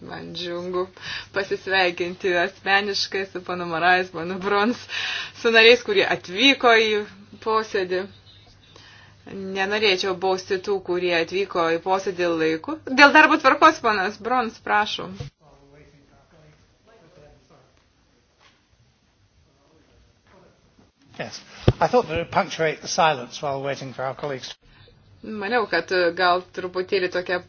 man džiungu pasisveikinti asmeniškai su panu Marais, panu Brons, su nariais, kurie atvyko į posėdį. Nenorėčiau bausti tų, kurie atvyko į posėdį laiku. Dėl darbo tvarkos, panas Brons, prašom. Yes. I thought that it would punctuate the silence while waiting for our colleagues to... Maniau, kad gal truputėlį tokia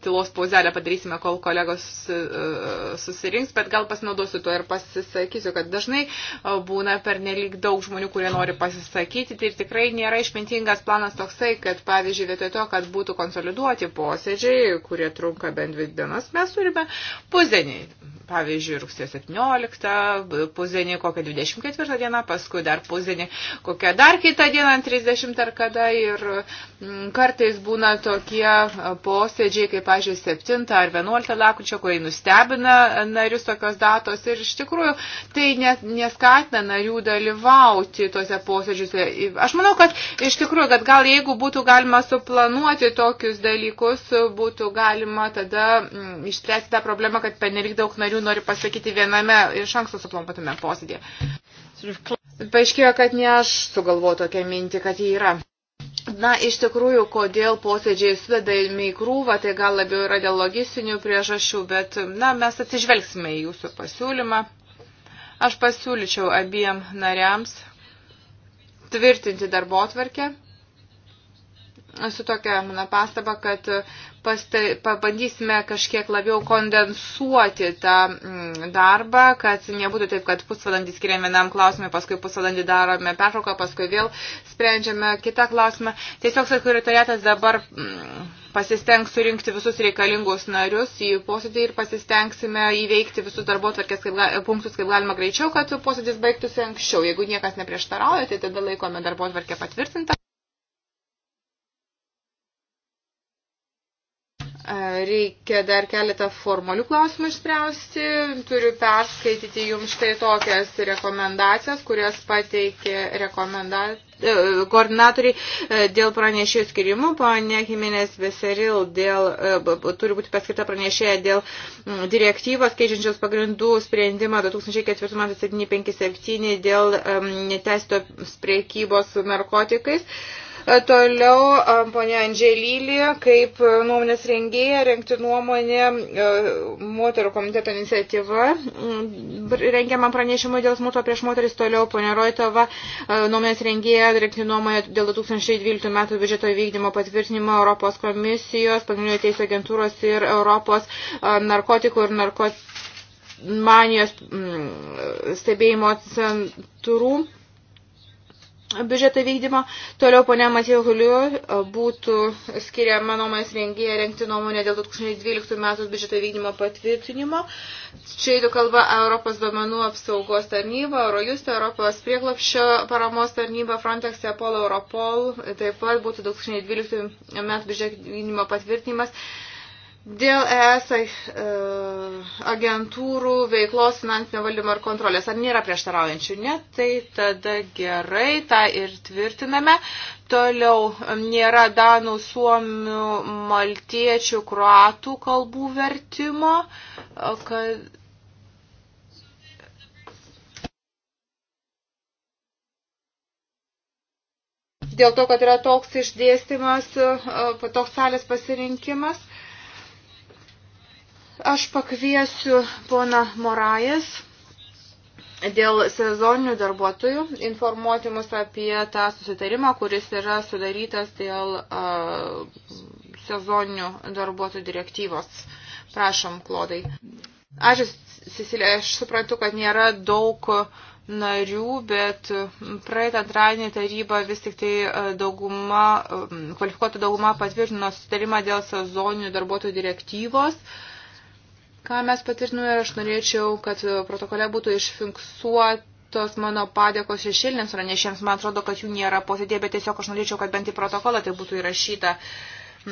tylos pauzelę padarysime, kol kolegos e, susirinks, bet gal pasinaudosiu tuo ir pasisakysiu, kad dažnai e, būna per nelik daug žmonių, kurie nori pasisakyti. Tai tikrai nėra išmintingas planas toksai, kad pavyzdžiui, vietoj to, kad būtų konsoliduoti posėdžiai, kurie trunka bent dvi dienas, mes turime pusdienį. Pavyzdžiui, rugsėjo 17, pusdienį kokią 24 dieną, paskui dar pusdienį kokią dar kitą dieną, 30 ar kada. Ir m, mm, kartais būna tokie e, posėdžiai pavyzdžiai, kaip, pavyzdžiui, 7 ar 11 lakrūčio, kurie nustebina narius tokios datos ir iš tikrųjų tai neskatina narių dalyvauti tose posėdžiuose. Aš manau, kad iš tikrųjų, kad gal jeigu būtų galima suplanuoti tokius dalykus, būtų galima tada mm, išspręsti tą problemą, kad penelik daug narių nori pasakyti viename iš anksto suplanuotame posėdėje. Paaiškėjo, kad ne aš sugalvoju tokią mintį, kad jį yra. Na, iš tikrųjų, kodėl posėdžiai svedami į krūvą, tai gal labiau yra dėl logistinių priežasčių, bet, na, mes atsižvelgsime į jūsų pasiūlymą. Aš pasiūlyčiau abiem nariams tvirtinti darbo atvarkę su tokia mano pastaba, kad pastai, pabandysime kažkiek labiau kondensuoti tą mm, darbą, kad nebūtų taip, kad pusvalandį skiriam vienam klausimui, paskui pusvalandį darome pertrauką, paskui vėl sprendžiame kitą klausimą. Tiesiog sekretariatas dabar mm, pasistengs surinkti visus reikalingus narius į posėdį ir pasistengsime įveikti visus darbo tvarkės kaip, punktus kaip galima greičiau, kad posėdis baigtųsi anksčiau. Jeigu niekas neprieštarauja, tai tada laikome darbo tvarkę patvirtintą. Reikia dar keletą formalių klausimų išspręsti. Turiu perskaityti jums štai tokias rekomendacijas, kurias pateikė rekomenda... E, koordinatoriai e, dėl pranešėjų skirimų. Pane Jimenez Veseril dėl, e, turi būti paskirta pranešėja dėl direktyvos keičiančios pagrindų sprendimą 2004-757 dėl neteisėto priekybos narkotikais. Toliau ponia Andželylė, kaip nuomonės rengėja, renkti nuomonę moterų komiteto iniciatyva, mm, rengiamą pranešimą dėl smurto prieš moteris, toliau ponia Roitova, nuomonės rengėja, renkti nuomonę dėl 2012 metų biudžeto įvykdymo patvirtinimo Europos komisijos, pagrindinio teisų agentūros ir Europos narkotikų ir narkotikų manijos mm, stebėjimo centrų biudžeto vykdymo. Toliau ponia Matėjo Huliu būtų skiriama nuomonės rengėja renkti nuomonę dėl 2012 metų biudžeto vykdymo patvirtinimo. Čia įdu kalba Europos duomenų apsaugos tarnyba, Eurojusto, Europos prieglapščio paramos tarnyba, Frontex, Apollo, Europol. Taip pat būtų 2012 metų biudžeto vykdymo patvirtinimas Dėl ES e, agentūrų veiklos finansinio valdymo ir kontrolės, ar nėra prieštaraujančių? Ne, tai tada gerai, tą ir tvirtiname. Toliau nėra danų, suomių, maltiečių, kroatų kalbų vertimo, kad dėl to, kad yra toks išdėstymas, e, toks salės pasirinkimas. Aš pakviesiu pona Morajas dėl sezoninių darbuotojų informuoti mus apie tą susitarimą, kuris yra sudarytas dėl uh, sezoninių darbuotojų direktyvos. Prašom, Klodai. Aš, Sisilė, aš suprantu, kad nėra daug narių, bet praeitą antradienį taryba vis tik tai dauguma, kvalifikuota dauguma patvirtino sutarimą dėl sezoninių darbuotojų direktyvos. Uh, ką mes patvirtinome, aš norėčiau, kad protokole būtų išfiksuoti tos mano padėkos šešiliniams pranešėms, man atrodo, kad jų nėra posėdė, bet tiesiog aš norėčiau, kad bent į protokolą tai būtų įrašyta.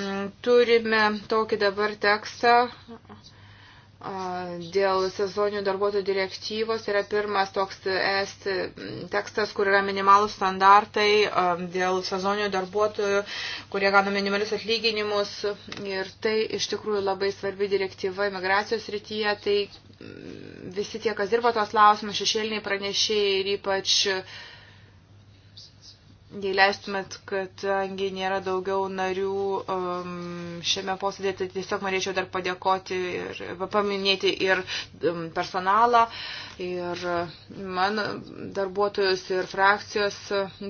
Mm, turime tokį dabar tekstą dėl sezoninių darbuotojų direktyvos yra pirmas toks es tekstas, kur yra minimalus standartai dėl sezoninių darbuotojų, kurie gauna minimalius atlyginimus. Ir tai iš tikrųjų labai svarbi direktyva imigracijos rytyje. Tai visi tie, kas dirba tos lausimus, šešėliniai pranešėjai ir ypač uh, Jei leistumėt, kadangi nėra daugiau narių um, šiame posėdėje, tai tiesiog norėčiau dar padėkoti ir paminėti ir um, personalą, ir mano darbuotojus, ir frakcijos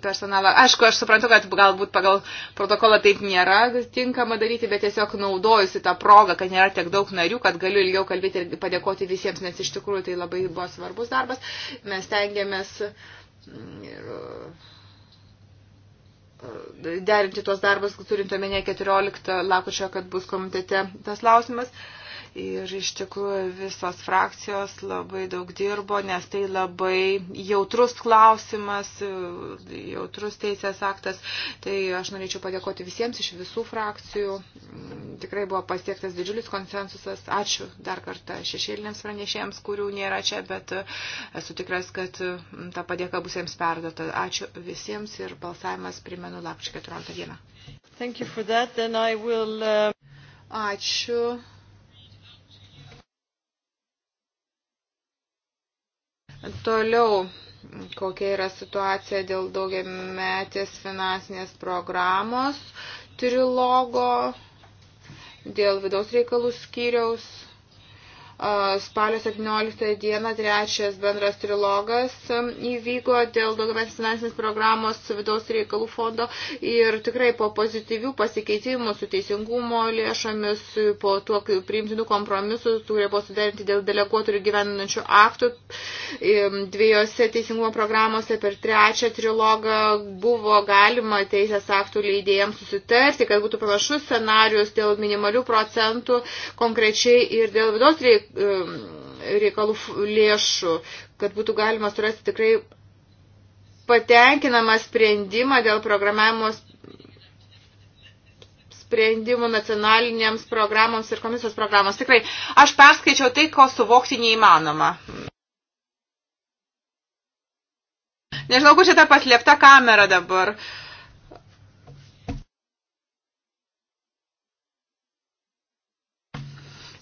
personalą. Aišku, aš suprantu, kad galbūt pagal protokolą taip nėra tinkama daryti, bet tiesiog naudojusi tą progą, kad nėra tiek daug narių, kad galiu ilgiau kalbėti ir padėkoti visiems, nes iš tikrųjų tai labai buvo svarbus darbas. Mes tengiamės mm, ir derinti tuos darbus, turint omenyje 14 lakučio, kad bus komitete tas lausimas. Ir iš tikrųjų visos frakcijos labai daug dirbo, nes tai labai jautrus klausimas, jautrus teisės aktas. Tai aš norėčiau padėkoti visiems iš visų frakcijų, tikrai buvo pasiektas didžiulis konsensusas. Ačiū dar kartą šešėliniams pranešėjams, kurių nėra čia, bet e, esu tikras, kad ta padėka bus jiems perduota. Ačiū visiems ir balsavimas primenu lapčio 14 dieną. Thank you for that. Then I will, uh... Ačiū. Toliau kokia yra situacija dėl daugiametės finansinės programos trilogo dėl vidaus reikalų skyriaus Spalio 17 dieną trečias bendras trilogas um, įvyko dėl daugiametės finansinės programos vidaus reikalų fondo ir tikrai po pozityvių pasikeitimų su teisingumo lėšomis, po tuo priimtinų kompromisų, kurie buvo suderinti dėl deleguotų ir gyvenančių aktų, dviejose teisingumo programose per trečią trilogą buvo galima teisės aktų leidėjams susitarti, kad būtų panašus scenarius dėl minimalių procentų konkrečiai ir dėl vidaus reikalų Um, reikalų lėšų, kad būtų galima surasti tikrai patenkinamą sprendimą dėl programavimo sprendimų nacionalinėms programoms ir komisijos programos. Tikrai, aš perskaičiau tai, ko suvokti neįmanoma. Nežinau, kur čia ta paslėpta kamera dabar.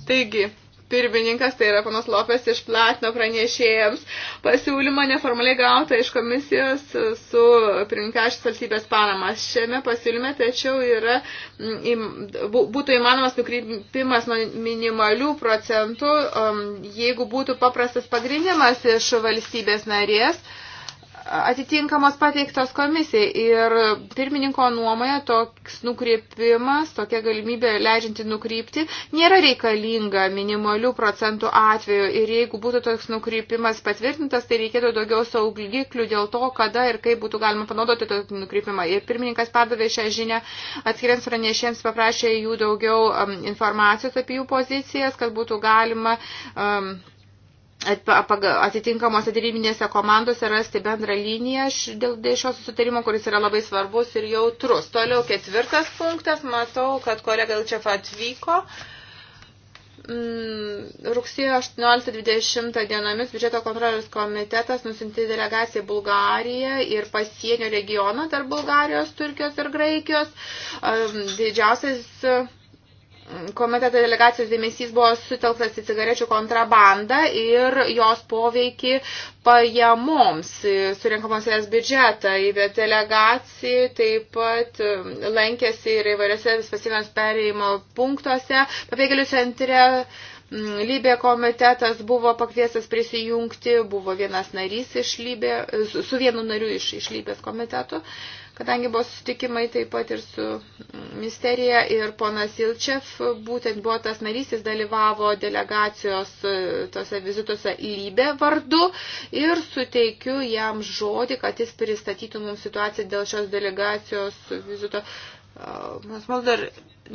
Taigi, pirmininkas, tai yra panas Lopes, išplatino pranešėjams pasiūlymą neformaliai gautą iš komisijos su pirmininkašis valstybės Panamas. Šiame pasiūlyme tačiau yra, būtų įmanomas nukrypimas nuo minimalių procentų, jeigu būtų paprastas pagrindimas iš valstybės narės atitinkamos pateiktos komisijai. Ir pirmininko nuomoje toks nukreipimas, tokia galimybė leidžianti nukrypti, nėra reikalinga minimalių procentų atveju. Ir jeigu būtų toks nukreipimas patvirtintas, tai reikėtų daugiau saugiklių dėl to, kada ir kaip būtų galima panaudoti tokį nukreipimą. Ir pirmininkas perdavė šią žinią atskiriams pranešėjams, paprašė jų daugiau um, informacijos apie jų pozicijas, kad būtų galima. Um, atitinkamuose dėrybinėse komandose rasti bendrą liniją dėl, dėl šio susitarimo, kuris yra labai svarbus ir jautrus. Toliau ketvirtas punktas, matau, kad kolega Ilčev atvyko. Mm, rugsėjo 18-20 dienomis biudžeto kontrolės komitetas nusinti delegaciją į Bulgariją ir pasienio regioną tarp Bulgarijos, Turkijos ir Graikijos. Didžiausias komiteto delegacijos dėmesys buvo sutelktas į cigarečių kontrabandą ir jos poveikį pajamoms e, surinkamos jas biudžetą. Į delegacijų taip pat e, lankėsi ir įvairiose pasienos perėjimo punktuose. Pabėgėlių centre Lybė komitetas buvo pakviestas prisijungti, buvo vienas narys iš Lybė, su vienu nariu iš, iš Lybės komiteto. Uh, kadangi buvo susitikimai taip pat ir su ministerija ir ponas Ilčev, būtent buvo tas narys, jis dalyvavo delegacijos e, tose vizituose lybė vardu ir suteikiu jam žodį, kad jis pristatytų mums situaciją dėl šios delegacijos vizito. Mas Mulder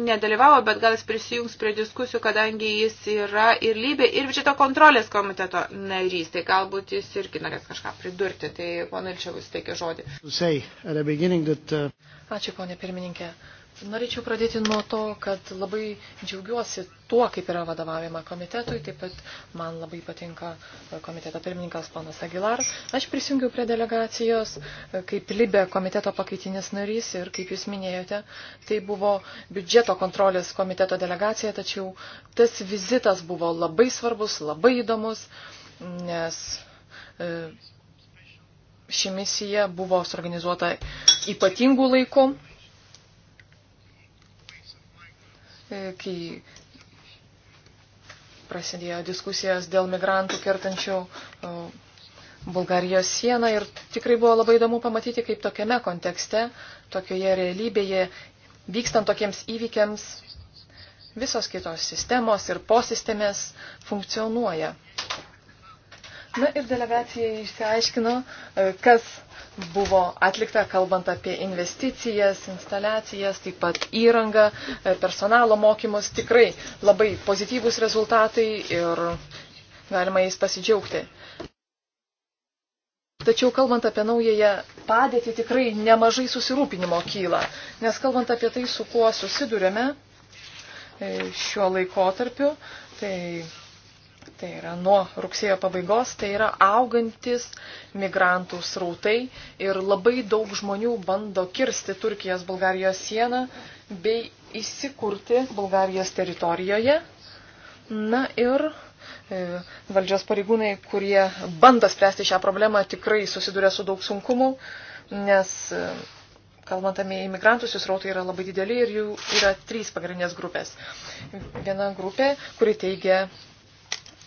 nedalyvavo, bet gal jis prisijungs prie diskusijų, kadangi jis yra ir lybė, ir biudžeto kontrolės komiteto narys. Tai galbūt jis irgi norės kažką pridurti. Tai ponai čia bus teikia žodį. Uh, Ačiū, ponė pirmininkė. Norėčiau pradėti nuo to, kad labai džiaugiuosi tuo, kaip yra vadovaujama komitetui. Taip pat man labai patinka komiteto pirmininkas panas Agilar. Aš prisijungiu prie delegacijos e, kaip Libė komiteto pakaitinis narys ir, kaip jūs minėjote, tai buvo biudžeto kontrolės komiteto delegacija, tačiau tas vizitas buvo labai svarbus, labai įdomus, nes. E, Ši misija buvo suorganizuota ypatingų laikų, E, kai prasidėjo diskusijas dėl migrantų kertančių e, Bulgarijos sieną ir tikrai buvo labai įdomu pamatyti, kaip tokiame kontekste, tokioje realybėje, vykstant tokiems įvykiams, visos kitos sistemos ir posistemės funkcionuoja. Na ir delegacija išsiaiškino, e, kas buvo atlikta, kalbant apie investicijas, instaliacijas, taip pat įrangą, e, personalo mokymus. Tikrai labai pozityvūs rezultatai ir galima jais pasidžiaugti. Tačiau kalbant apie naująją padėtį, tikrai nemažai susirūpinimo kyla, nes kalbant apie tai, su kuo susidurėme e, šiuo laikotarpiu, tai tai yra nuo rugsėjo pabaigos, tai yra augantis migrantų srautai ir labai daug žmonių bando kirsti Turkijos Bulgarijos sieną bei įsikurti Bulgarijos teritorijoje. Na ir e, valdžios pareigūnai, kurie bando spręsti šią problemą, tikrai susiduria su daug sunkumų, nes e, kalbant apie imigrantus, jų srautai yra labai dideli ir jų yra trys pagrindinės grupės. Viena grupė, kuri teigia,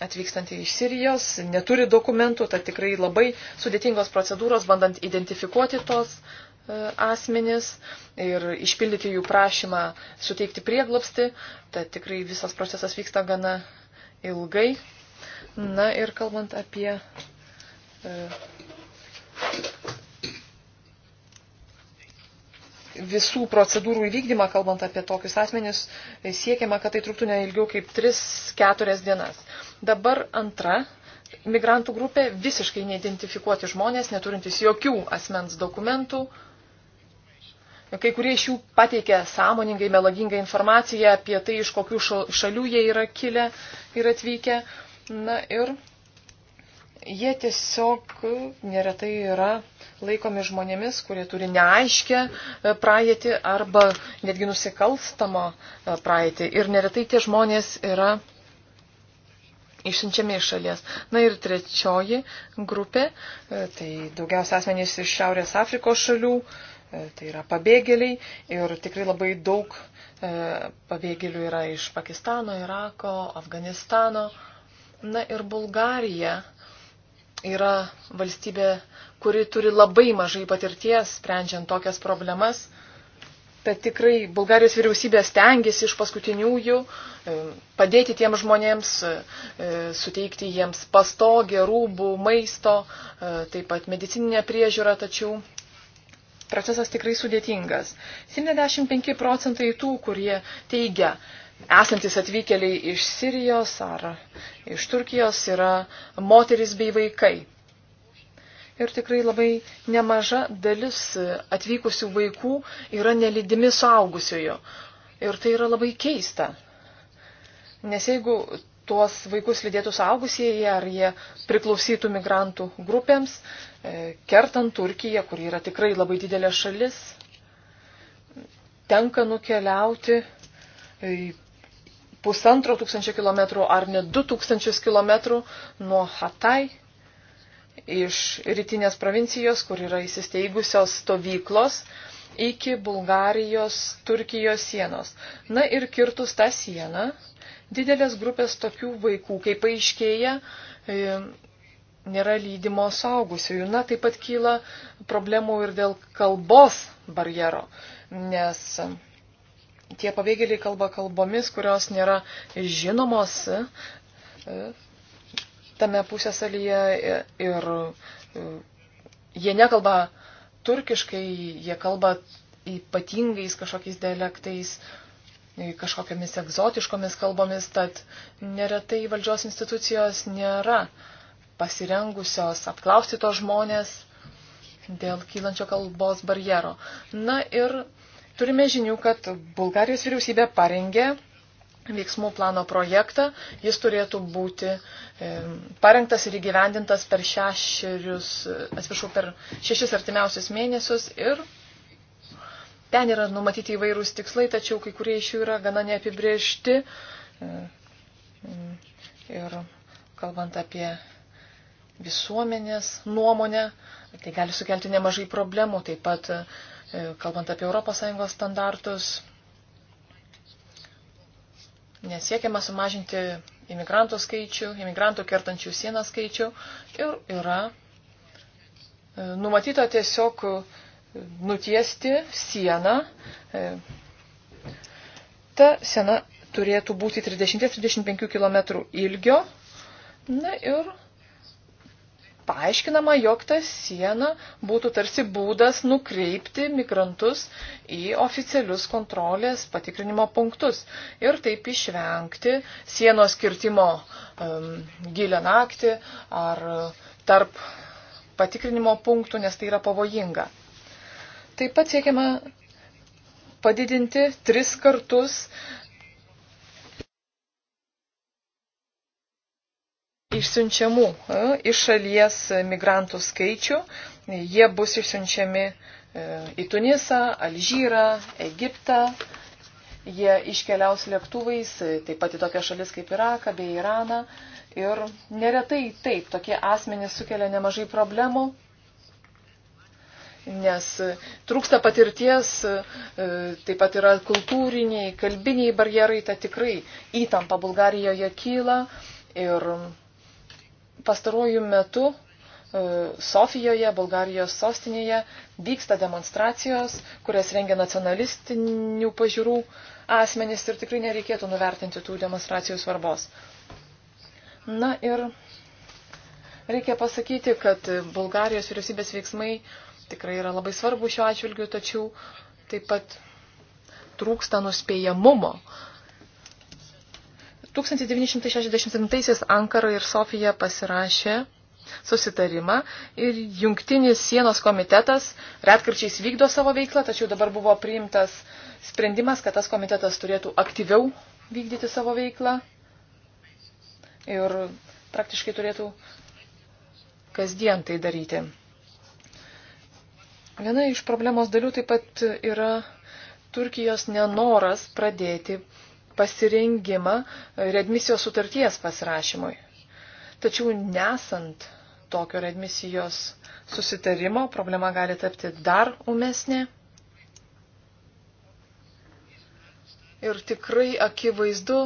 atvykstantį iš Sirijos, neturi dokumentų, tad tikrai labai sudėtingos procedūros, bandant identifikuoti tos e, asmenis ir išpildyti jų prašymą suteikti prieglopsti, tad tikrai visas procesas vyksta gana ilgai. Na ir kalbant apie e, visų procedūrų įvykdymą, kalbant apie tokius asmenis, siekiama, kad tai truktų ne ilgiau kaip 3-4 dienas. Dabar antra migrantų grupė - visiškai neidentifikuoti žmonės, neturintys jokių asmens dokumentų. Kai kurie iš jų pateikia sąmoningai melagingą informaciją apie tai, iš kokių šalių jie yra kilę ir atvykę. Na ir jie tiesiog neretai yra laikomi žmonėmis, kurie turi neaiškę e, praeitį arba netgi nusikalstamą e, praeitį. Ir neretai tie žmonės yra išsiunčiami iš šalies. Na ir trečioji grupė, e, tai daugiausia asmenys iš Šiaurės Afrikos šalių, tai yra pabėgėliai ir tikrai labai daug pabėgėlių yra iš Pakistano, Irako, Afganistano. Na ir Bulgarija yra valstybė, kuri turi labai mažai patirties sprendžiant tokias problemas. Bet tikrai Bulgarijos vyriausybė stengiasi iš paskutiniųjų e, padėti tiems žmonėms, e, e, suteikti jiems pastogę, rūbų, maisto, taip pat medicininę priežiūrą, tačiau procesas tikrai sudėtingas. 75 procentai tų, kurie teigia, esantis atvykėliai iš Sirijos ar iš Turkijos yra moteris bei vaikai. Ir tikrai labai nemaža dalis atvykusių vaikų yra nelydimi suaugusiojo. Ir tai yra labai keista. Nes jeigu tuos vaikus lydėtų suaugusieji, ar jie priklausytų migrantų grupėms, e, kertant Turkiją, kur yra tikrai labai didelė šalis, tenka nukeliauti pusantro tūkstančio kilometrų ar net du tūkstančius kilometrų nuo Hatai iš rytinės provincijos, kur yra įsisteigusios stovyklos, iki Bulgarijos, Turkijos sienos. Na ir kirtus tą sieną, didelės grupės tokių vaikų, kaip paaiškėja, e, nėra lydimo saugusiųjų. Na, taip pat kyla problemų ir dėl kalbos barjero, nes tie pabėgėliai kalba kalbomis, kurios nėra žinomos e, tame pusėsalyje e, ir e, jie nekalba turkiškai, jie kalba ypatingais kažkokiais dialektais, kažkokiamis egzotiškomis kalbomis, tad neretai valdžios institucijos nėra pasirengusios apklausti tos žmonės dėl kylančio kalbos barjero. Na ir Turime žinių, kad Bulgarijos vyriausybė parengė veiksmų plano projektą. Jis turėtų būti e, parengtas ir įgyvendintas per šešerius, atsiprašau, per šešis artimiausius mėnesius ir ten yra numatyti įvairūs tikslai, tačiau kai kurie iš jų yra gana neapibriežti. E, mm, ir kalbant apie visuomenės nuomonę, tai gali sukelti nemažai problemų, taip pat E, kalbant apie ES standartus, nesiekiama sumažinti imigrantų skaičių, imigrantų kertančių sieną skaičių ir yra e, numatyta tiesiog nutiesti sieną. E, ta siena turėtų būti 30-35 km ilgio. Na ir paaiškinama, jog ta siena būtų tarsi būdas nukreipti migrantus į oficialius kontrolės patikrinimo punktus ir taip išvengti sienos kirtimo um, gilę naktį ar tarp patikrinimo punktų, nes tai yra pavojinga. Taip pat siekiama padidinti tris kartus išsiunčiamų iš šalies migrantų skaičių. Jie bus išsiunčiami e, į Tunisą, Alžyrą, Egiptą. Jie iškeliaus lėktuvais, e, taip pat į tokias šalis kaip Iraką bei Iraną. Ir neretai taip, tokie asmenys sukelia nemažai problemų, nes e, trūksta patirties, taip pat yra kultūriniai, kalbiniai barjerai, ta tikrai įtampa Bulgarijoje kyla ir pastarųjų metų e, Sofijoje, Bulgarijos sostinėje, vyksta demonstracijos, kurias rengia nacionalistinių pažiūrų asmenys ir tikrai nereikėtų nuvertinti tų demonstracijų svarbos. Na ir reikia pasakyti, kad Bulgarijos vyriausybės veiksmai tikrai yra labai svarbu šiuo atžvilgiu, tačiau taip pat trūksta nuspėjamumo. Uh, 1967 Ankara ir Sofija pasirašė susitarimą ir jungtinis sienos komitetas retkarčiais vykdo savo veiklą, tačiau dabar buvo priimtas sprendimas, kad tas komitetas turėtų aktyviau vykdyti savo veiklą ir praktiškai turėtų kasdien tai daryti. Viena iš problemos dalių taip pat yra Turkijos nenoras pradėti pasirengimą redmisijos sutarties pasirašymui. Tačiau nesant tokio redmisijos susitarimo, problema gali tapti dar umesnė. Ir tikrai akivaizdu,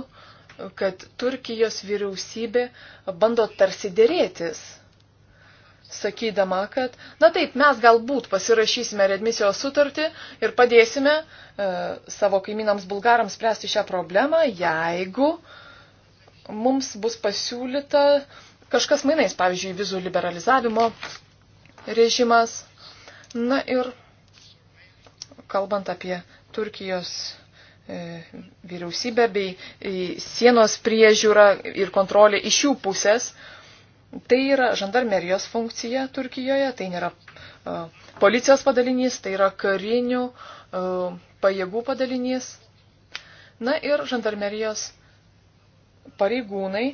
kad Turkijos vyriausybė bando tarsi dėrėtis sakydama, kad, na taip, mes galbūt pasirašysime redmisijos sutartį ir padėsime e, savo kaimynams bulgarams spręsti šią problemą, jeigu mums bus pasiūlyta kažkas mainais, pavyzdžiui, vizų liberalizavimo režimas. Na ir kalbant apie Turkijos e, vyriausybę bei e, sienos priežiūrą ir kontrolę iš jų pusės, Tai yra žandarmerijos funkcija Turkijoje, tai nėra policijos padalinys, tai yra karinių pajėgų padalinys. Na ir žandarmerijos pareigūnai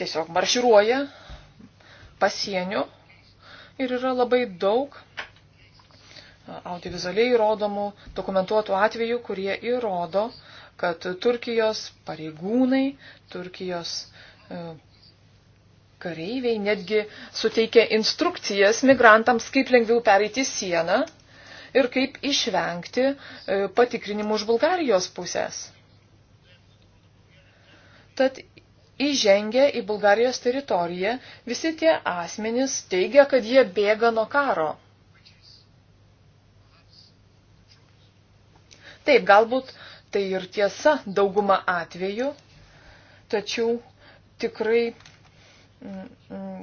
tiesiog marširuoja pasieniu ir yra labai daug audiovizualiai įrodomų dokumentuotų atvejų, kurie įrodo, kad Turkijos pareigūnai, Turkijos kareiviai netgi suteikė instrukcijas migrantams, kaip lengviau pereiti sieną ir kaip išvengti e, patikrinimų už Bulgarijos pusės. Tad įžengę į Bulgarijos teritoriją, visi tie asmenys teigia, kad jie bėga nuo karo. Taip, galbūt tai ir tiesa dauguma atveju, tačiau tikrai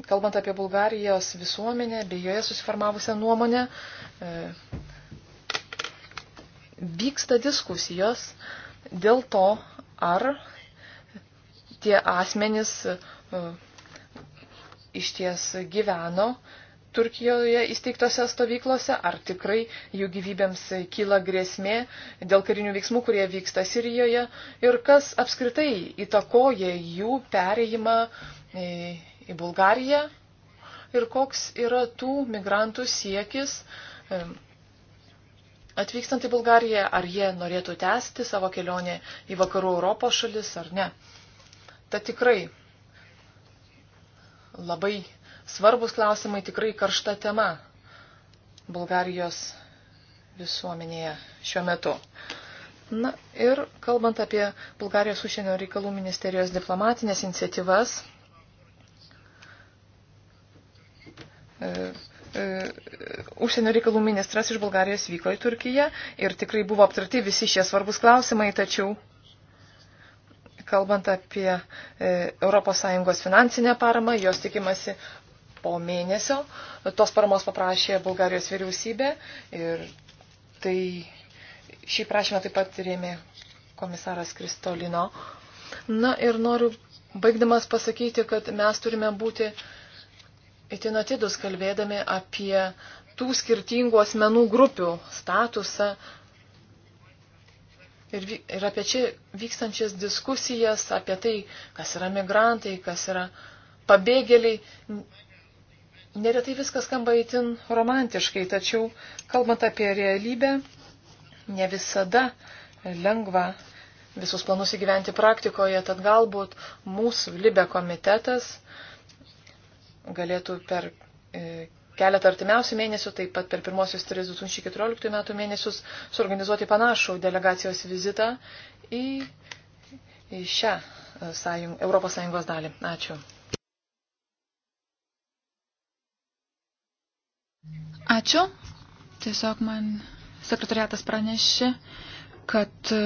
kalbant apie Bulgarijos visuomenę, bei joje susiformavusią nuomonę, e, vyksta diskusijos dėl to, ar tie asmenys e, iš ties gyveno Turkijoje įsteigtose stovyklose, ar tikrai jų gyvybėms kyla grėsmė dėl karinių veiksmų, kurie vyksta Sirijoje, ir kas apskritai įtakoja jų pereimą e, į Bulgariją ir koks yra tų migrantų siekis e, atvykstant į Bulgariją, ar jie norėtų tęsti savo kelionę į vakarų Europos šalis ar ne. Ta tikrai labai svarbus klausimai, tikrai karšta tema Bulgarijos visuomenėje šiuo metu. Na ir kalbant apie Bulgarijos užsienio reikalų ministerijos diplomatinės iniciatyvas, E, e, užsienio reikalų ministras iš Bulgarijos vyko į Turkiją ir tikrai buvo aptarti visi šie svarbus klausimai, tačiau kalbant apie ES finansinę paramą, jos tikimasi po mėnesio. Tos paramos paprašė Bulgarijos vyriausybė ir tai šį prašymą taip pat rėmė komisaras Kristolino. Na ir noriu baigdamas pasakyti, kad mes turime būti uh, itin atidus kalbėdami apie tų skirtingų asmenų grupių statusą ir, ir apie čia vykstančias diskusijas, apie tai, kas yra migrantai, kas yra pabėgėliai. Neretai viskas skamba itin romantiškai, tačiau kalbant apie realybę, ne visada lengva visus planus įgyventi praktikoje, tad galbūt mūsų Libe komitetas uh, galėtų per e, keletą artimiausių mėnesių, taip pat per pirmosius 2014 metų mėnesius suorganizuoti panašų delegacijos vizitą į, į šią e, sąjung, Europos Sąjungos dalį. Ačiū. Ačiū. Tiesiog man sekretariatas pranešė, kad e,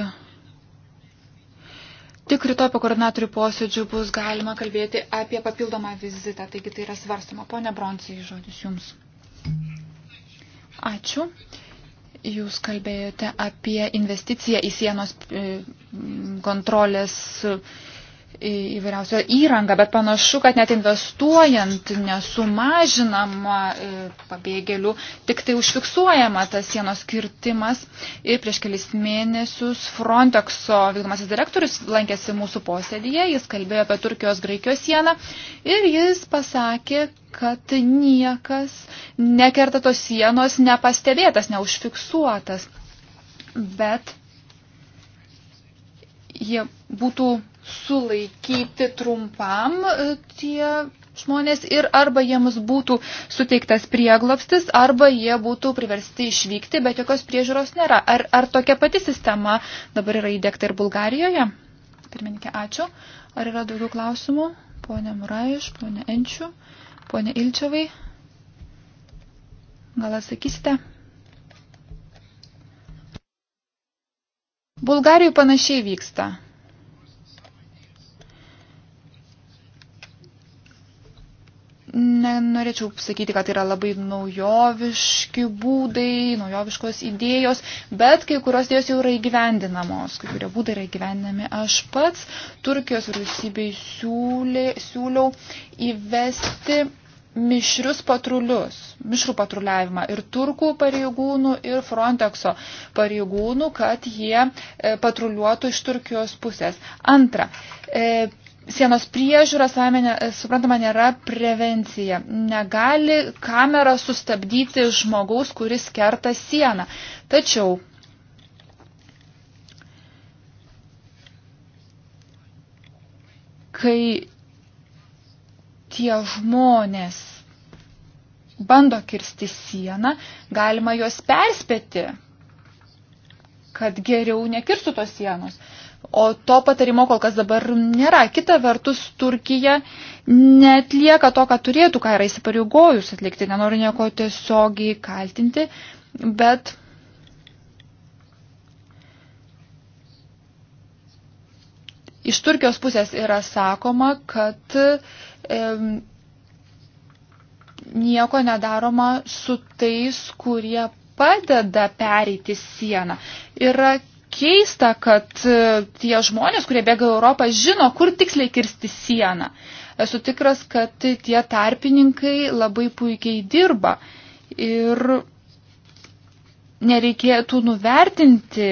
Tik rytoj po koordinatorių posėdžių bus galima kalbėti apie papildomą vizitą, taigi tai yra svarstama. Pone Broncijai, žodis jums. Ačiū. Jūs kalbėjote apie investiciją į sienos e, kontrolės įvairiausią įrangą, bet panašu, kad net investuojant nesumažinama e, pabėgėlių, tik tai užfiksuojama tas sienos kirtimas. Ir prieš kelis mėnesius Frontexo vykdomasis direktorius lankėsi mūsų posėdėje, jis kalbėjo apie Turkijos Graikijos sieną ir jis pasakė, kad niekas nekerta tos sienos nepastebėtas, neužfiksuotas. Bet jie būtų sulaikyti trumpam e, tie žmonės ir arba jiems būtų suteiktas prieglopstis, arba jie būtų priversti išvykti, bet jokios priežiūros nėra. Ar, ar tokia pati sistema dabar yra įdėkta ir Bulgarijoje? Pirmininkė, ačiū. Ar yra daugiau klausimų? Pone Muraiš, pone Enčių, pone Ilčiavai. Gal atsakysite? Bulgarijų panašiai vyksta. Nenorėčiau sakyti, kad tai yra labai naujoviški būdai, naujoviškos idėjos, bet kai kurios idėjos jau yra įgyvendinamos, kai kurie būdai yra įgyvendinami. Aš pats Turkijos vyriausybei siūliau įvesti mišrius patrulius, mišrų patruliavimą ir turkų pareigūnų, ir Frontexo pareigūnų, kad jie e, patruliuotų iš Turkijos pusės. Antra, e, sienos priežiūra, savame ne, e, suprantama, nėra prevencija. Negali kamera sustabdyti žmogaus, kuris kerta sieną. Tačiau kai tie žmonės bando kirsti sieną, galima juos perspėti, kad geriau nekirstų tos sienos. O to patarimo kol kas dabar nėra. Kita vertus, Turkija netlieka to, ką turėtų, ką yra įsipareigojus atlikti. Nenoriu nieko tiesiogiai kaltinti, bet. Iš Turkijos pusės yra sakoma, kad e, nieko nedaroma su tais, kurie padeda pereiti sieną. Yra keista, kad e, tie žmonės, kurie bėga Europą, žino, kur tiksliai kirsti sieną. Esu tikras, kad tie tarpininkai labai puikiai dirba ir nereikėtų nuvertinti,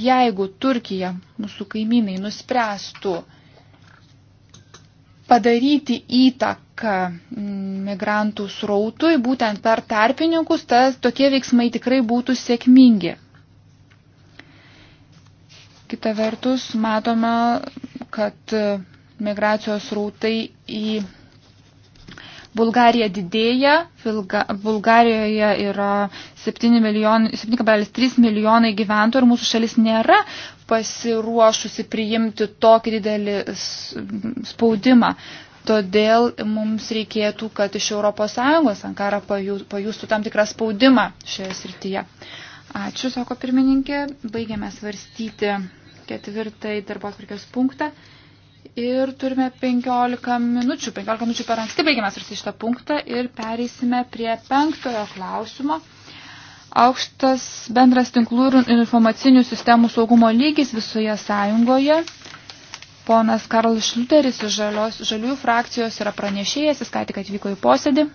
jeigu Turkija, mūsų kaimynai, nuspręstų, padaryti įtaką migrantų srautui, būtent per tarpininkus, tas tokie veiksmai tikrai būtų sėkmingi. Kita vertus, matome, kad migracijos srautai į Bulgarija didėja, Vilga, Bulgarijoje yra 7,3 milijon, milijonai gyventojų ir mūsų šalis nėra pasiruošusi priimti tokį didelį spaudimą. Todėl mums reikėtų, kad iš ES Ankara pajustų tam tikrą spaudimą šioje srityje. Ačiū, sako pirmininkė. Baigiame svarstyti ketvirtąjį darbos punktą ir turime 15 minučių. 15 minučių per anksti baigiame svarstyti šitą punktą ir pereisime prie penktojo klausimo. Aukštas bendras tinklų ir informacinių sistemų saugumo lygis visoje sąjungoje. Ponas Karl Šluteris iš žalios, žaliųjų frakcijos yra pranešėjas, jis ką tik atvyko į posėdį.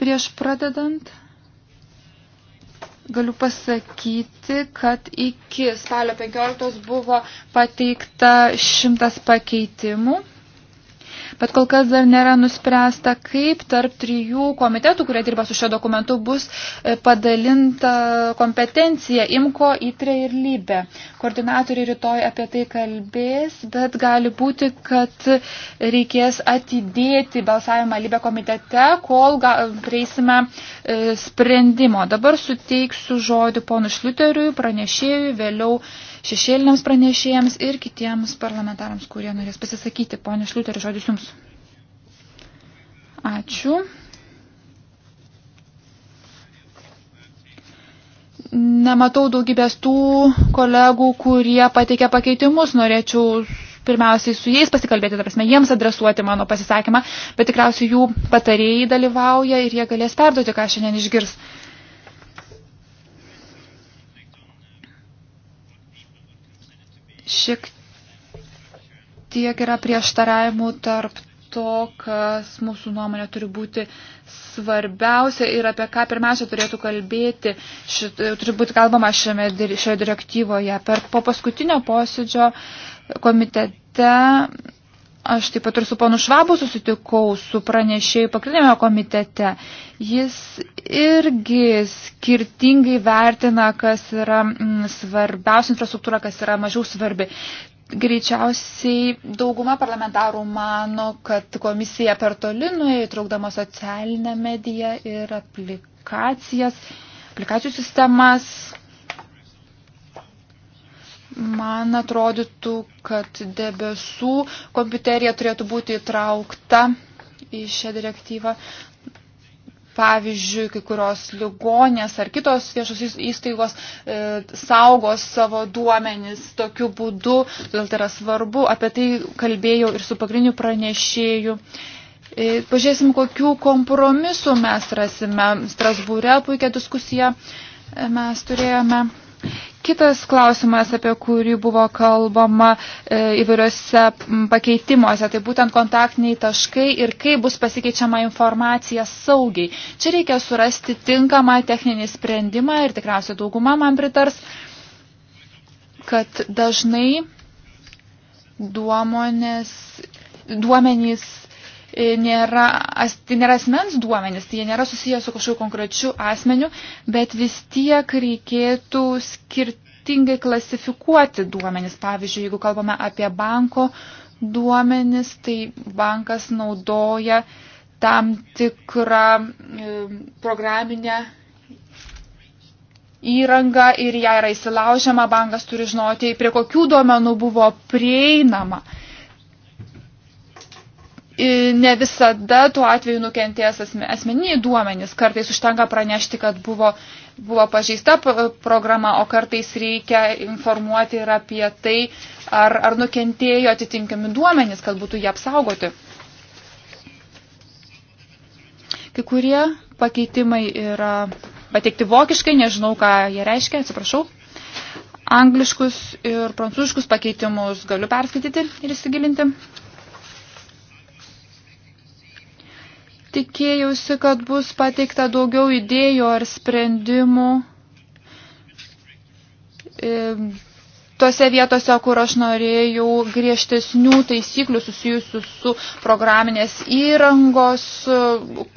Prieš pradedant galiu pasakyti, kad iki spalio 15 buvo pateikta šimtas pakeitimų bet kol kas dar nėra nuspręsta, kaip tarp trijų komitetų, kurie dirba su šio dokumentu, bus e, padalinta kompetencija IMKO, ITRE ir LYBE. Koordinatoriai rytoj apie tai kalbės, bet gali būti, kad reikės atidėti balsavimą LYBE komitete, kol prieisime e, sprendimo. Dabar suteiksiu žodį ponu Šliuteriui, pranešėjui, vėliau šešėliniams pranešėjams ir kitiems parlamentarams, kurie norės pasisakyti. Pone Šliuter, žodis jums. Ačiū. Nematau daugybės tų kolegų, kurie pateikė pakeitimus. Norėčiau pirmiausiai su jais pasikalbėti, ta prasme, jiems adresuoti mano pasisakymą, bet tikriausiai jų patarėjai dalyvauja ir jie galės perduoti, ką šiandien išgirs. šiek tiek yra prieštaravimų tarp to, kas mūsų nuomonė turi būti svarbiausia ir apie ką pirmiausia turėtų kalbėti, šit, turi būti kalbama šiame, šioje direktyvoje. Per, po paskutinio posėdžio komitete Aš taip pat ir su ponu Švabu susitikau, su pranešėjų pagrindinėme komitete. Jis irgi skirtingai vertina, kas yra mm, svarbiausia infrastruktūra, kas yra mažiau svarbi. Greičiausiai dauguma parlamentarų mano, kad komisija per toli nuėjo įtraukdama socialinę mediją ir aplikacijas, aplikacijų sistemas, Man atrodytų, kad debesų kompiuterija turėtų būti įtraukta į šią direktyvą. Pavyzdžiui, kai kurios ligonės ar kitos viešos įstaigos e, saugos savo duomenis tokiu būdu, todėl tai yra svarbu, apie tai kalbėjau ir su pagrindiniu pranešėju. E, pažiūrėsim, kokių kompromisų mes rasime. Strasbūre puikia diskusija e, mes turėjome. Kitas klausimas, apie kurį buvo kalbama e, įvairiose pakeitimuose, tai būtent kontaktiniai taškai ir kaip bus pasikeičiama informacija saugiai. Čia reikia surasti tinkamą techninį sprendimą ir tikriausiai dauguma man pritars, kad dažnai duomonės, duomenys E, nėra, tai nėra asmens duomenys, tai jie nėra susijęs su kažkokiu konkrečiu asmeniu, bet vis tiek reikėtų skirtingai klasifikuoti duomenys. Pavyzdžiui, jeigu kalbame apie banko duomenys, tai bankas naudoja tam tikrą e, programinę įrangą ir ją yra įsilaužiama, bankas turi žinoti, prie kokių duomenų buvo prieinama. E, ne visada tuo atveju nukentės asmeniniai duomenys. Kartais užtenka pranešti, kad buvo, buvo pažeista programa, o kartais reikia informuoti ir apie tai, ar, ar nukentėjo atitinkami duomenys, kad būtų jie apsaugoti. Kai kurie pakeitimai yra pateikti vokiškai, nežinau, ką jie reiškia, atsiprašau. Angliškus ir prancūziškus pakeitimus galiu perskaityti ir įsigilinti. tikėjausi, kad bus pateikta daugiau idėjų ar sprendimų e, tose vietose, kur aš norėjau griežtesnių taisyklių susijusių su programinės įrangos e,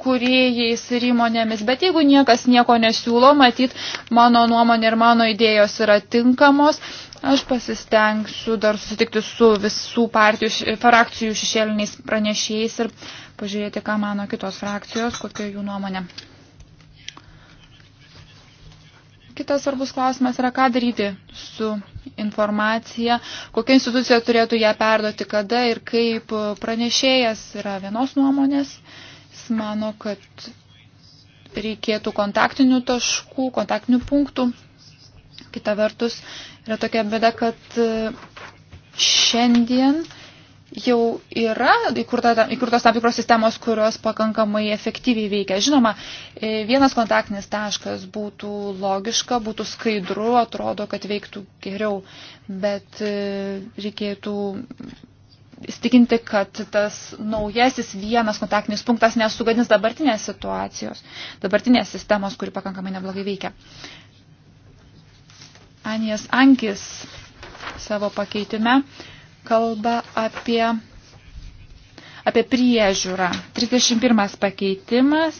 kuriejais ir įmonėmis. Bet jeigu niekas nieko nesiūlo, matyt, mano nuomonė ir mano idėjos yra tinkamos. Aš pasistengsiu dar susitikti su visų partijų, frakcijų šešėliniais pranešėjais ir uh, pažiūrėti, ką mano kitos frakcijos, kokia jų nuomonė. Kitas svarbus klausimas yra, ką daryti su informacija, kokia institucija turėtų ją perduoti, kada ir kaip pranešėjas yra vienos nuomonės. Jis mano, kad reikėtų kontaktinių taškų, kontaktinių punktų. Kita vertus, yra tokia bėda, kad šiandien uh, jau yra įkurtos tam tikros sistemos, kurios pakankamai efektyviai veikia. Žinoma, e, vienas kontaktinis taškas būtų logiška, būtų skaidru, atrodo, kad veiktų geriau, bet e, reikėtų įstikinti, kad tas naujasis vienas kontaktinis punktas nesugadins dabartinės situacijos, dabartinės sistemos, kuri pakankamai neblogai veikia. Anijas Ankis savo pakeitime kalba apie, apie priežiūrą. 31 pakeitimas.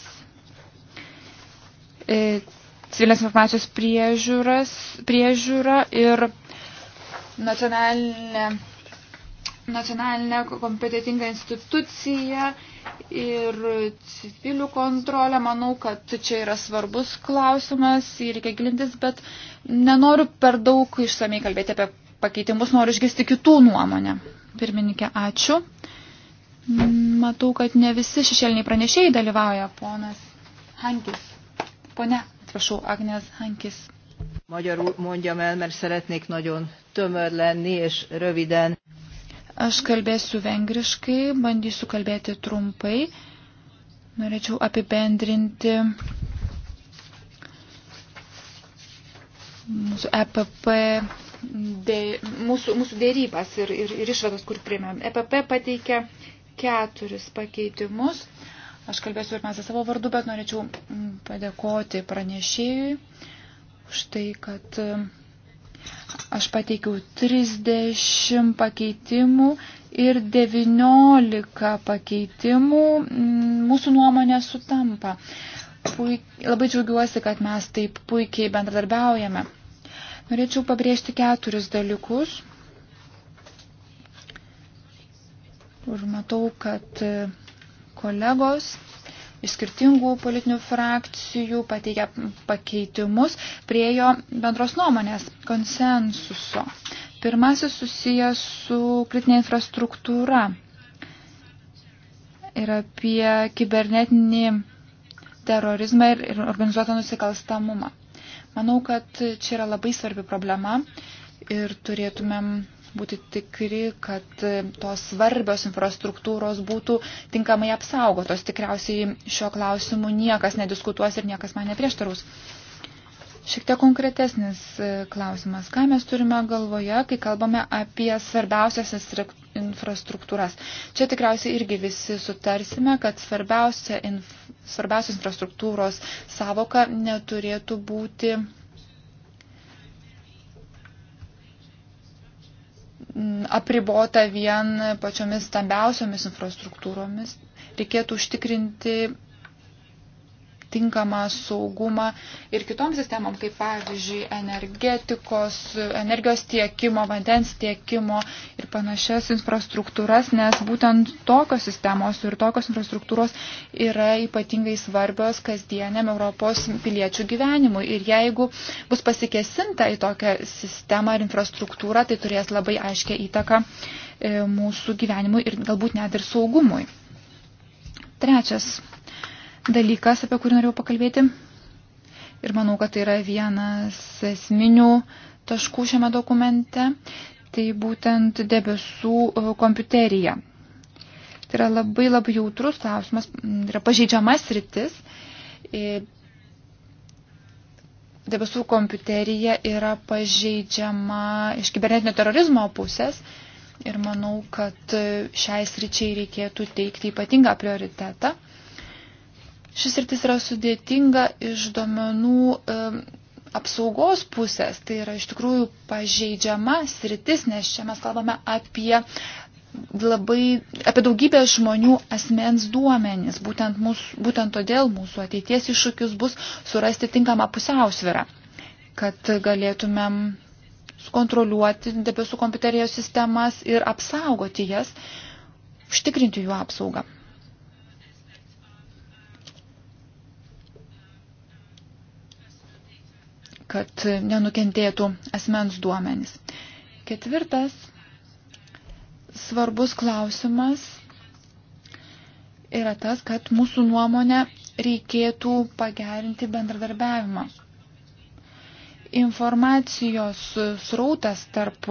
E, civilinės informacijos priežiūras, priežiūra ir nacionalinė, nacionalinė kompetitinga institucija ir civilių kontrolę. Manau, kad čia yra svarbus klausimas ir reikia gilintis, bet nenoriu per daug išsamei kalbėti apie pakeitimus, noriu išgirsti kitų nuomonę. Pirmininkė, ačiū. Matau, kad ne visi šešėliniai pranešėjai dalyvauja, ponas Hankis. Pone, atsiprašau, Agnes Hankis. Magyarul mondjam el, mert szeretnék nagyon tömör lenni és röviden. Aš kalbėsiu vengriškai, bandysiu kalbėti trumpai. Norėčiau apibendrinti mūsų EPP dė, mūsų, mūsų dėrybas ir, ir, ir išvadas, kur priėmėm. EPP pateikė keturis pakeitimus. Aš kalbėsiu ir mes savo vardu, bet norėčiau mm, padėkoti pranešėjui už tai, kad mm, aš pateikiau 30 pakeitimų ir 19 pakeitimų mm, mūsų nuomonė sutampa. Puik, labai džiaugiuosi, kad mes taip puikiai bendradarbiaujame. Norėčiau pabrėžti keturis dalykus. Ir matau, kad e, kolegos iš skirtingų politinių frakcijų pateikia pakeitimus, priejo bendros nuomonės konsensuso. Pirmasis susijęs su kritinė infrastruktūra ir apie kibernetinį terorizmą ir organizuotą nusikalstamumą. Manau, kad čia yra labai svarbi problema ir turėtumėm būti tikri, kad tos svarbios infrastruktūros būtų tinkamai apsaugotos. Tikriausiai šio klausimu niekas nediskutuos ir niekas man neprieštaraus. Šiek tiek konkretesnis e, klausimas. Ką mes turime galvoje, kai kalbame apie svarbiausias infrastruktūras? Čia tikriausiai irgi visi sutarsime, kad svarbiausia inf svarbiausios infrastruktūros savoka neturėtų būti apribota vien pačiomis stambiausiomis infrastruktūromis. Reikėtų užtikrinti tinkamą saugumą ir kitom sistemom, kaip pavyzdžiui energetikos, energijos tiekimo, vandens tiekimo ir panašias infrastruktūras, nes būtent tokios sistemos ir tokios infrastruktūros yra ypatingai svarbios kasdieniam Europos piliečių gyvenimui. Ir jeigu bus pasikesinta į tokią sistemą ir infrastruktūrą, tai turės labai aiškę įtaką e, mūsų gyvenimui ir galbūt net ir saugumui. Trečias dalykas, apie kurį norėjau pakalbėti. Ir manau, kad tai yra vienas esminių taškų šiame dokumente. Tai būtent debesų e, kompiuterija. Tai yra labai labai jautrus klausimas, yra pažeidžiamas rytis. E, debesų kompiuterija yra pažeidžiama iš kibernetinio terorizmo pusės ir manau, kad e, šiai sričiai reikėtų teikti ypatingą prioritetą. Šis rytis yra sudėtinga iš duomenų e, apsaugos pusės. Tai yra iš tikrųjų pažeidžiama sritis, nes čia mes kalbame apie labai, apie daugybę žmonių asmens duomenys. Būtent, mūsų, būtent todėl mūsų ateities iššūkis bus surasti tinkamą pusiausvirą, kad galėtumėm kontroliuoti debesų kompiuterijos sistemas ir apsaugoti jas, užtikrinti jų apsaugą. kad nenukentėtų asmens duomenys. Ketvirtas svarbus klausimas yra tas, kad mūsų nuomonė reikėtų pagerinti bendradarbiavimą. Informacijos srautas tarp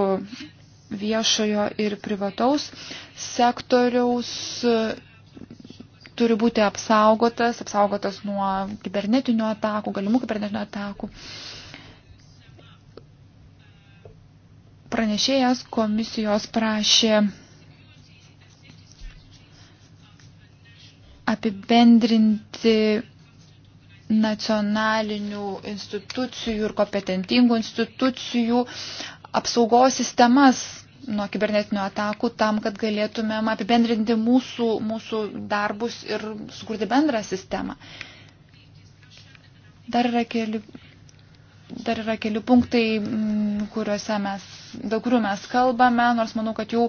viešojo ir privataus sektoriaus turi būti apsaugotas, apsaugotas nuo kibernetinių atakų, galimų kibernetinių atakų. Uh, Pranešėjas komisijos prašė apibendrinti nacionalinių institucijų ir kompetentingų institucijų apsaugos sistemas nuo kibernetinių atakų tam, kad galėtumėm apibendrinti mūsų, mūsų darbus ir sukurti bendrą sistemą. Dar yra keli, dar yra keli punktai, kuriuose mes dėl kurių mes kalbame, nors manau, kad jau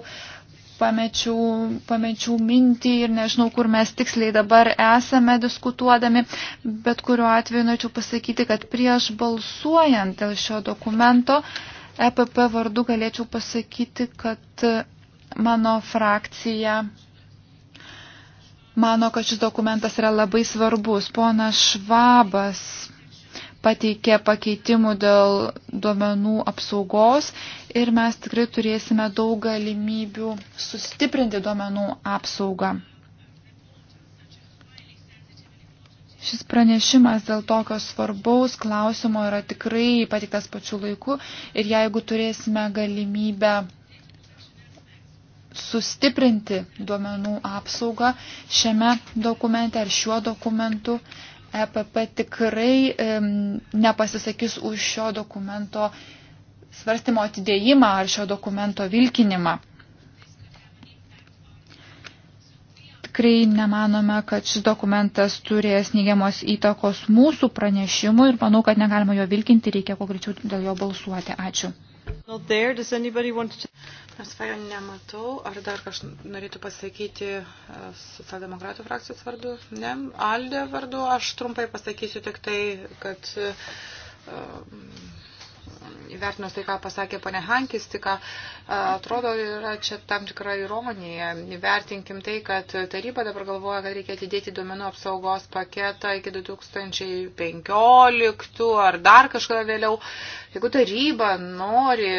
pamečiau, pamečiau mintį ir nežinau, kur mes tiksliai dabar esame diskutuodami, bet kuriuo atveju norėčiau pasakyti, kad prieš balsuojant dėl šio dokumento EPP vardu galėčiau pasakyti, kad mano frakcija mano, kad šis dokumentas yra labai svarbus. Pona Švabas pateikė pakeitimų dėl duomenų apsaugos ir mes tikrai turėsime daug galimybių sustiprinti duomenų apsaugą. Šis pranešimas dėl tokio svarbaus klausimo yra tikrai patiktas pačiu laiku ir jeigu turėsime galimybę sustiprinti duomenų apsaugą šiame dokumente ar šiuo dokumentu, EPP tikrai um, nepasisakys už šio dokumento svarstymo atidėjimą ar šio dokumento vilkinimą. Tikrai nemanome, kad šis dokumentas turės neigiamos įtakos mūsų pranešimui ir manau, kad negalima jo vilkinti, reikia kuo greičiau dėl jo balsuoti. Ačiū. There, to... Nors Fajon nematau, ar dar kažkas norėtų pasakyti e, socialdemokratų frakcijos vardu? Ne, Alde vardu aš trumpai pasakysiu tik tai, kad uh, vertinus tai, ką pasakė ponė Hankis, tik atrodo yra čia tam tikra ironija. Vertinkim tai, kad taryba dabar galvoja, kad reikia atidėti duomenų apsaugos paketą iki 2015 ar dar kažkada vėliau. Jeigu taryba nori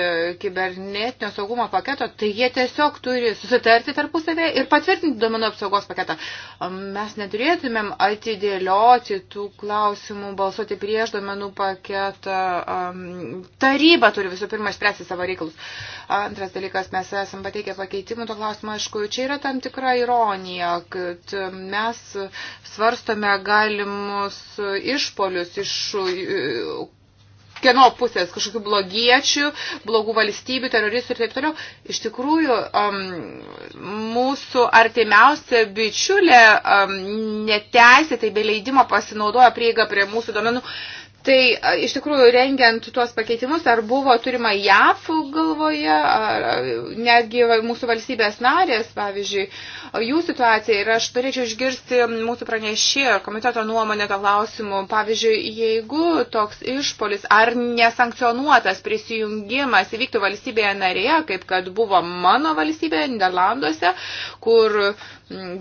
kibernetinio saugumo paketo, tai jie tiesiog turi susitarti tarpusavėje ir patvirtinti duomenų apsaugos paketą. Mes neturėtumėm atidėlioti tų klausimų, balsuoti prieš duomenų paketą, taryba turi visų pirma išspręsti savo reikalus. Antras dalykas, mes esam pateikę pakeitimų, to klausimo, aišku, čia yra tam tikra ironija, kad mes svarstome galimus išpolius iš e, kieno pusės, kažkokių blogiečių, blogų valstybių, teroristų ir taip toliau. Iš tikrųjų, um, mūsų artimiausia bičiulė um, neteisėtai be leidimo pasinaudoja prieigą prie mūsų domenų. Tai iš tikrųjų, rengiant tuos pakeitimus, ar buvo turima JAF galvoje, ar netgi mūsų valstybės narės, pavyzdžiui, jų situacija. Ir aš turėčiau išgirsti mūsų pranešėjo komiteto nuomonę to klausimu. Pavyzdžiui, jeigu toks išpolis ar nesankcionuotas prisijungimas įvyktų valstybėje narėje, kaip kad buvo mano valstybėje Niderlanduose, kur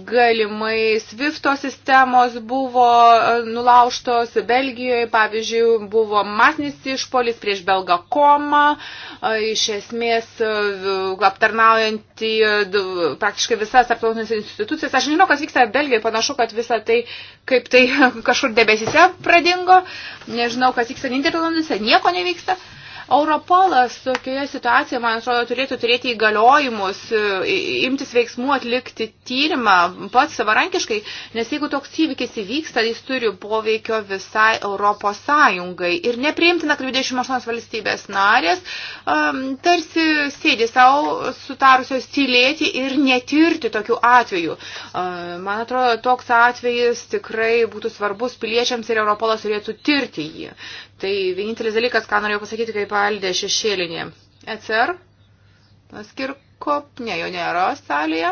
galimai Swifto sistemos buvo e, nulauštos Belgijoje, pavyzdžiui, buvo masinis išpolis prieš Belgą komą, e, iš esmės e, aptarnaujantį praktiškai visas tarptautinės institucijas. Aš žinau, kas vyksta Belgijoje, panašu, kad visa tai kaip tai kažkur debesise pradingo, nežinau, kas vyksta Niderlanduose, nieko nevyksta. Uh, Europolas tokioje situacijoje, man atrodo, turėtų turėti įgaliojimus, e, imtis veiksmų, atlikti tyrimą pats savarankiškai, nes jeigu toks įvykis įvyksta, jis turi poveikio visai Europos Sąjungai. Ir nepriimtina, kad 28 valstybės narės um, tarsi sėdi savo sutarusios tylėti ir netirti tokių atvejų. Um, man atrodo, toks atvejis tikrai būtų svarbus piliečiams ir Europolas turėtų tirti jį. Tai vienintelis dalykas, ką norėjau pasakyti, kaip Aldė šešėlinė. ECR, Skirkop, ne, jo nėra salėje.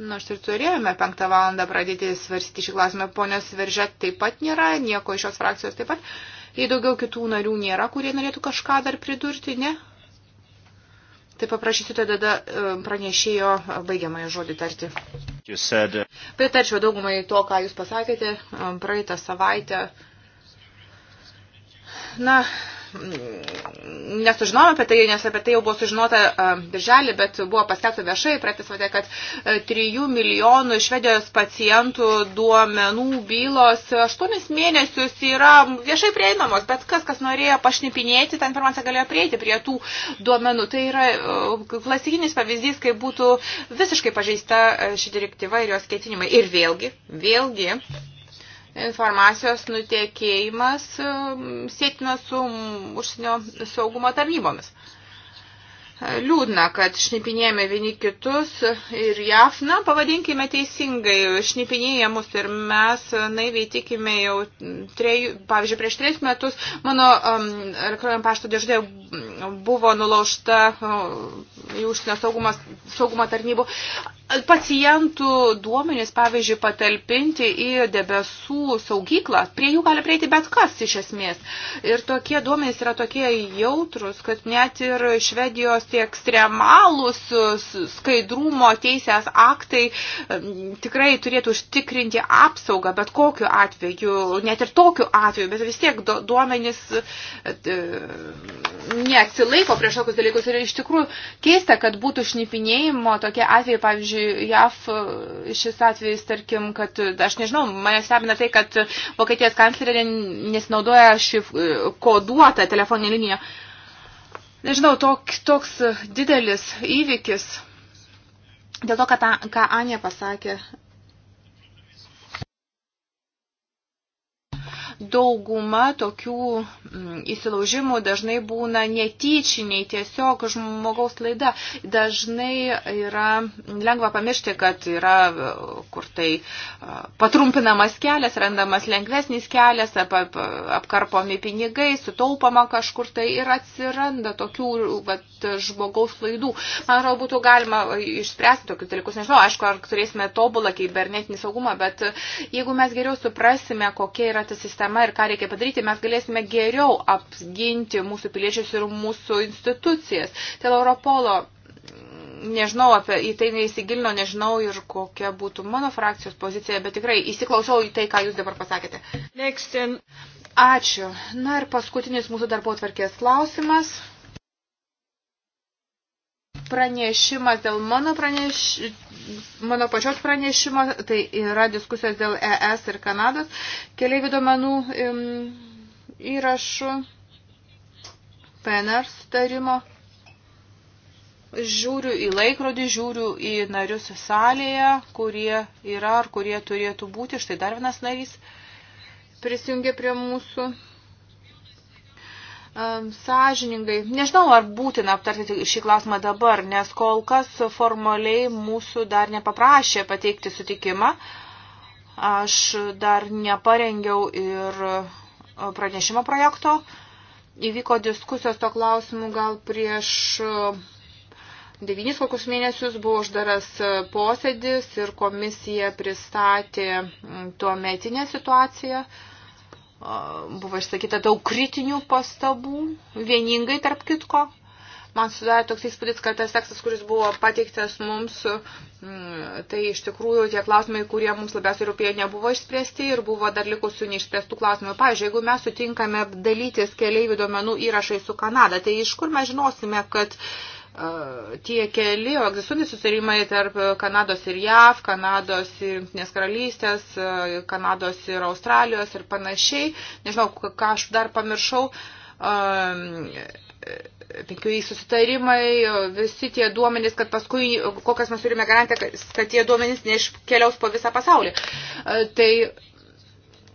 Na, aš ir turėjome penktą valandą pradėti svarstyti šį klausimą. Ponios Veržet taip pat nėra, nieko iš šios frakcijos taip pat. Jei daugiau kitų narių nėra, kurie norėtų kažką dar pridurti, ne? Tai paprašysiu tada pranešėjo baigiamąją žodį tarti. Uh, Pritarčiau daugumai to, ką jūs pasakėte praeitą savaitę. Na, nesužinojome apie tai, nes apie tai jau buvo sužinota e, birželį, bet buvo paskelbta viešai, pratisvate, kad 3 e, milijonų švedijos pacientų duomenų bylos 8 mėnesius yra viešai prieinamos, bet kas, kas norėjo pašnipinėti, tą informaciją galėjo prieiti prie tų duomenų. Tai yra e, klasikinis pavyzdys, kai būtų visiškai pažeista ši direktyva ir jos ketinimai. Ir vėlgi, vėlgi, informacijos nutiekėjimas um, sėtina su užsienio saugumo tarnybomis. Liūdna, kad šnipinėjame vieni kitus ir JAF, na, pavadinkime teisingai, šnipinėja mus ir mes naiviai tikime jau, trejų, pavyzdžiui, prieš trejus metus mano um, elektroninio pašto dėždė buvo nulaužta uh, um, į užsienio saugumo tarnybų pacientų duomenys, pavyzdžiui, patalpinti į debesų saugyklą. Prie jų gali prieiti bet kas iš esmės. Ir tokie duomenys yra tokie jautrus, kad net ir Švedijos tie ekstremalūs skaidrumo teisės aktai tikrai turėtų užtikrinti apsaugą, bet kokiu atveju, net ir tokiu atveju, bet vis tiek duomenys e, neatsilaiko prieš tokius dalykus. Ir iš tikrųjų keista, kad būtų šnipinėjimo tokie atvejai, pavyzdžiui, pavyzdžiui, JAF šis atvejis, tarkim, kad, aš nežinau, mane stebina tai, kad Vokietijos kanclerė nesinaudoja šį e, koduotą telefoninę liniją. Nežinau, toks, toks didelis įvykis, dėl to, kad ta, ką Anė pasakė, Dauguma tokių mm, įsilaužimų dažnai būna netyčiniai, tiesiog žmogaus klaida. Dažnai yra lengva pamiršti, kad yra kur tai patrumpinamas kelias, randamas lengvesnis kelias, ap, ap, apkarpomi pinigai, sutaupama kažkur tai ir atsiranda tokių vat, žmogaus klaidų. Man atrodo, būtų galima išspręsti tokius dalykus. Nežinau, aišku, ar turėsime tobulą kibernetinį saugumą, bet jeigu mes geriau suprasime, kokia yra tas sistema ir ką reikia padaryti, mes galėsime geriau apginti mūsų piliečius ir mūsų institucijas. Dėl Europolo, mm, nežinau, apie, į tai neįsigilino, nežinau ir kokia būtų mano frakcijos pozicija, bet tikrai įsiklausiau į tai, ką jūs dabar pasakėte. Next in. Ačiū. Na ir paskutinis mūsų darbo tvarkės klausimas pranešimas dėl mano, praneš, mano pačios pranešimo, tai yra diskusijos dėl ES ir Kanados keliaivių duomenų įrašų, PNR sutarimo. Žiūriu į laikrodį, žiūriu į narius salėje, kurie yra ar kurie turėtų būti. Štai dar vienas narys prisijungia prie mūsų sąžiningai. Nežinau, ar būtina aptarti šį klausimą dabar, nes kol kas formaliai mūsų dar nepaprašė pateikti sutikimą. Aš dar neparengiau ir e, pranešimo projekto. Įvyko diskusijos to klausimu gal prieš e, devynis kokius mėnesius buvo uždaras e, posėdis ir komisija pristatė tuo metinę situaciją. Uh, Buvo išsakyta daug kritinių pastabų, vieningai tarp kitko. Man sudarė toks įspūdis, kad tas tekstas, kuris buvo pateiktas mums, mm, tai iš tikrųjų tie klausimai, kurie mums labiausiai rūpėjo, nebuvo išspręsti ir buvo dar likusių neišspręstų klausimų. Pavyzdžiui, jeigu mes sutinkame dalytis keliaivių duomenų įrašai su Kanada, tai iš kur mes žinosime, kad uh, tie keli egzistuojantys susitarimai tarp Kanados ir JAV, Kanados ir Junktinės karalystės, Kanados ir Australijos ir panašiai. Nežinau, ką aš dar pamiršau. Um, penkių į susitarimai, visi tie duomenys, kad paskui, kokias mes turime garantiją, kad tie duomenys neiškeliaus po visą pasaulį. Uh, tai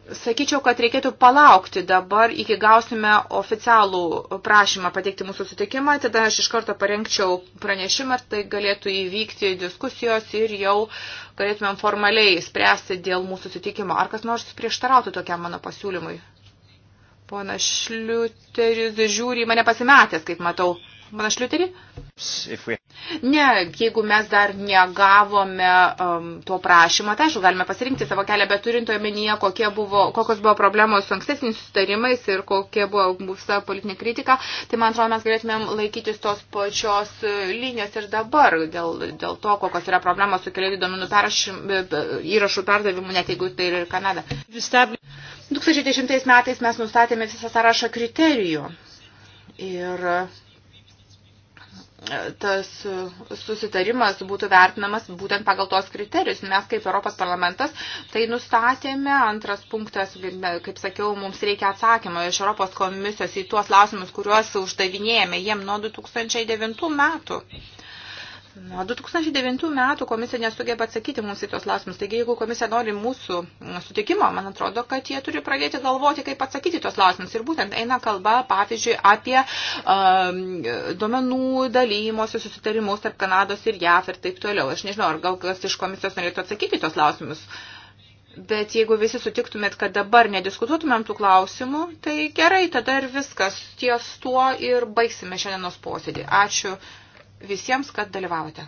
Sakyčiau, kad reikėtų palaukti dabar, iki gausime oficialų prašymą pateikti mūsų sutikimą, tada aš iš karto parengčiau pranešimą, ar tai galėtų įvykti diskusijos ir jau galėtumėm formaliai spręsti dėl mūsų sutikimo. Ar kas nors prieštarautų tokiam mano pasiūlymui? Pona Šliuteris žiūri, mane pasimetęs, kaip matau. Mana šliuterį? Ne, jeigu mes dar negavome um, to prašymą, tai aišku, galime pasirinkti savo kelią, bet turint omenyje, buvo, kokios buvo problemos su ankstesniais sustarimais ir kokia buvo visa politinė kritika, tai man atrodo, mes galėtumėm laikytis tos pačios e, linijos ir dabar dėl, dėl to, kokios yra problemos su keliaivių duomenų e, e, įrašų perdavimu, net jeigu tai ir Kanada. 2010 metais mes nustatėme visą sąrašą kriterijų. Ir tas e, susitarimas būtų vertinamas būtent pagal tos kriterijus. Mes kaip Europos parlamentas tai nustatėme. Antras punktas, kaip sakiau, mums reikia atsakymą iš Europos komisijos į tuos klausimus, kuriuos uždavinėjame jiem nuo 2009 metų. Nuo 2009 metų komisija nesugeba atsakyti mums į tos klausimus. Taigi, jeigu komisija nori mūsų sutikimo, man atrodo, kad jie turi pradėti galvoti, kaip atsakyti tos klausimus. Ir būtent eina kalba, pavyzdžiui, apie um, duomenų dalymosi susitarimus tarp Kanados ir JAF ir taip toliau. Aš nežinau, ar gal kas iš komisijos norėtų atsakyti tos klausimus. Bet jeigu visi sutiktumėt, kad dabar nediskutuotumėm tų klausimų, tai gerai, tada ir viskas. Ties tuo ir baigsime šiandienos posėdį. Ačiū visiems, kad dalyvavote.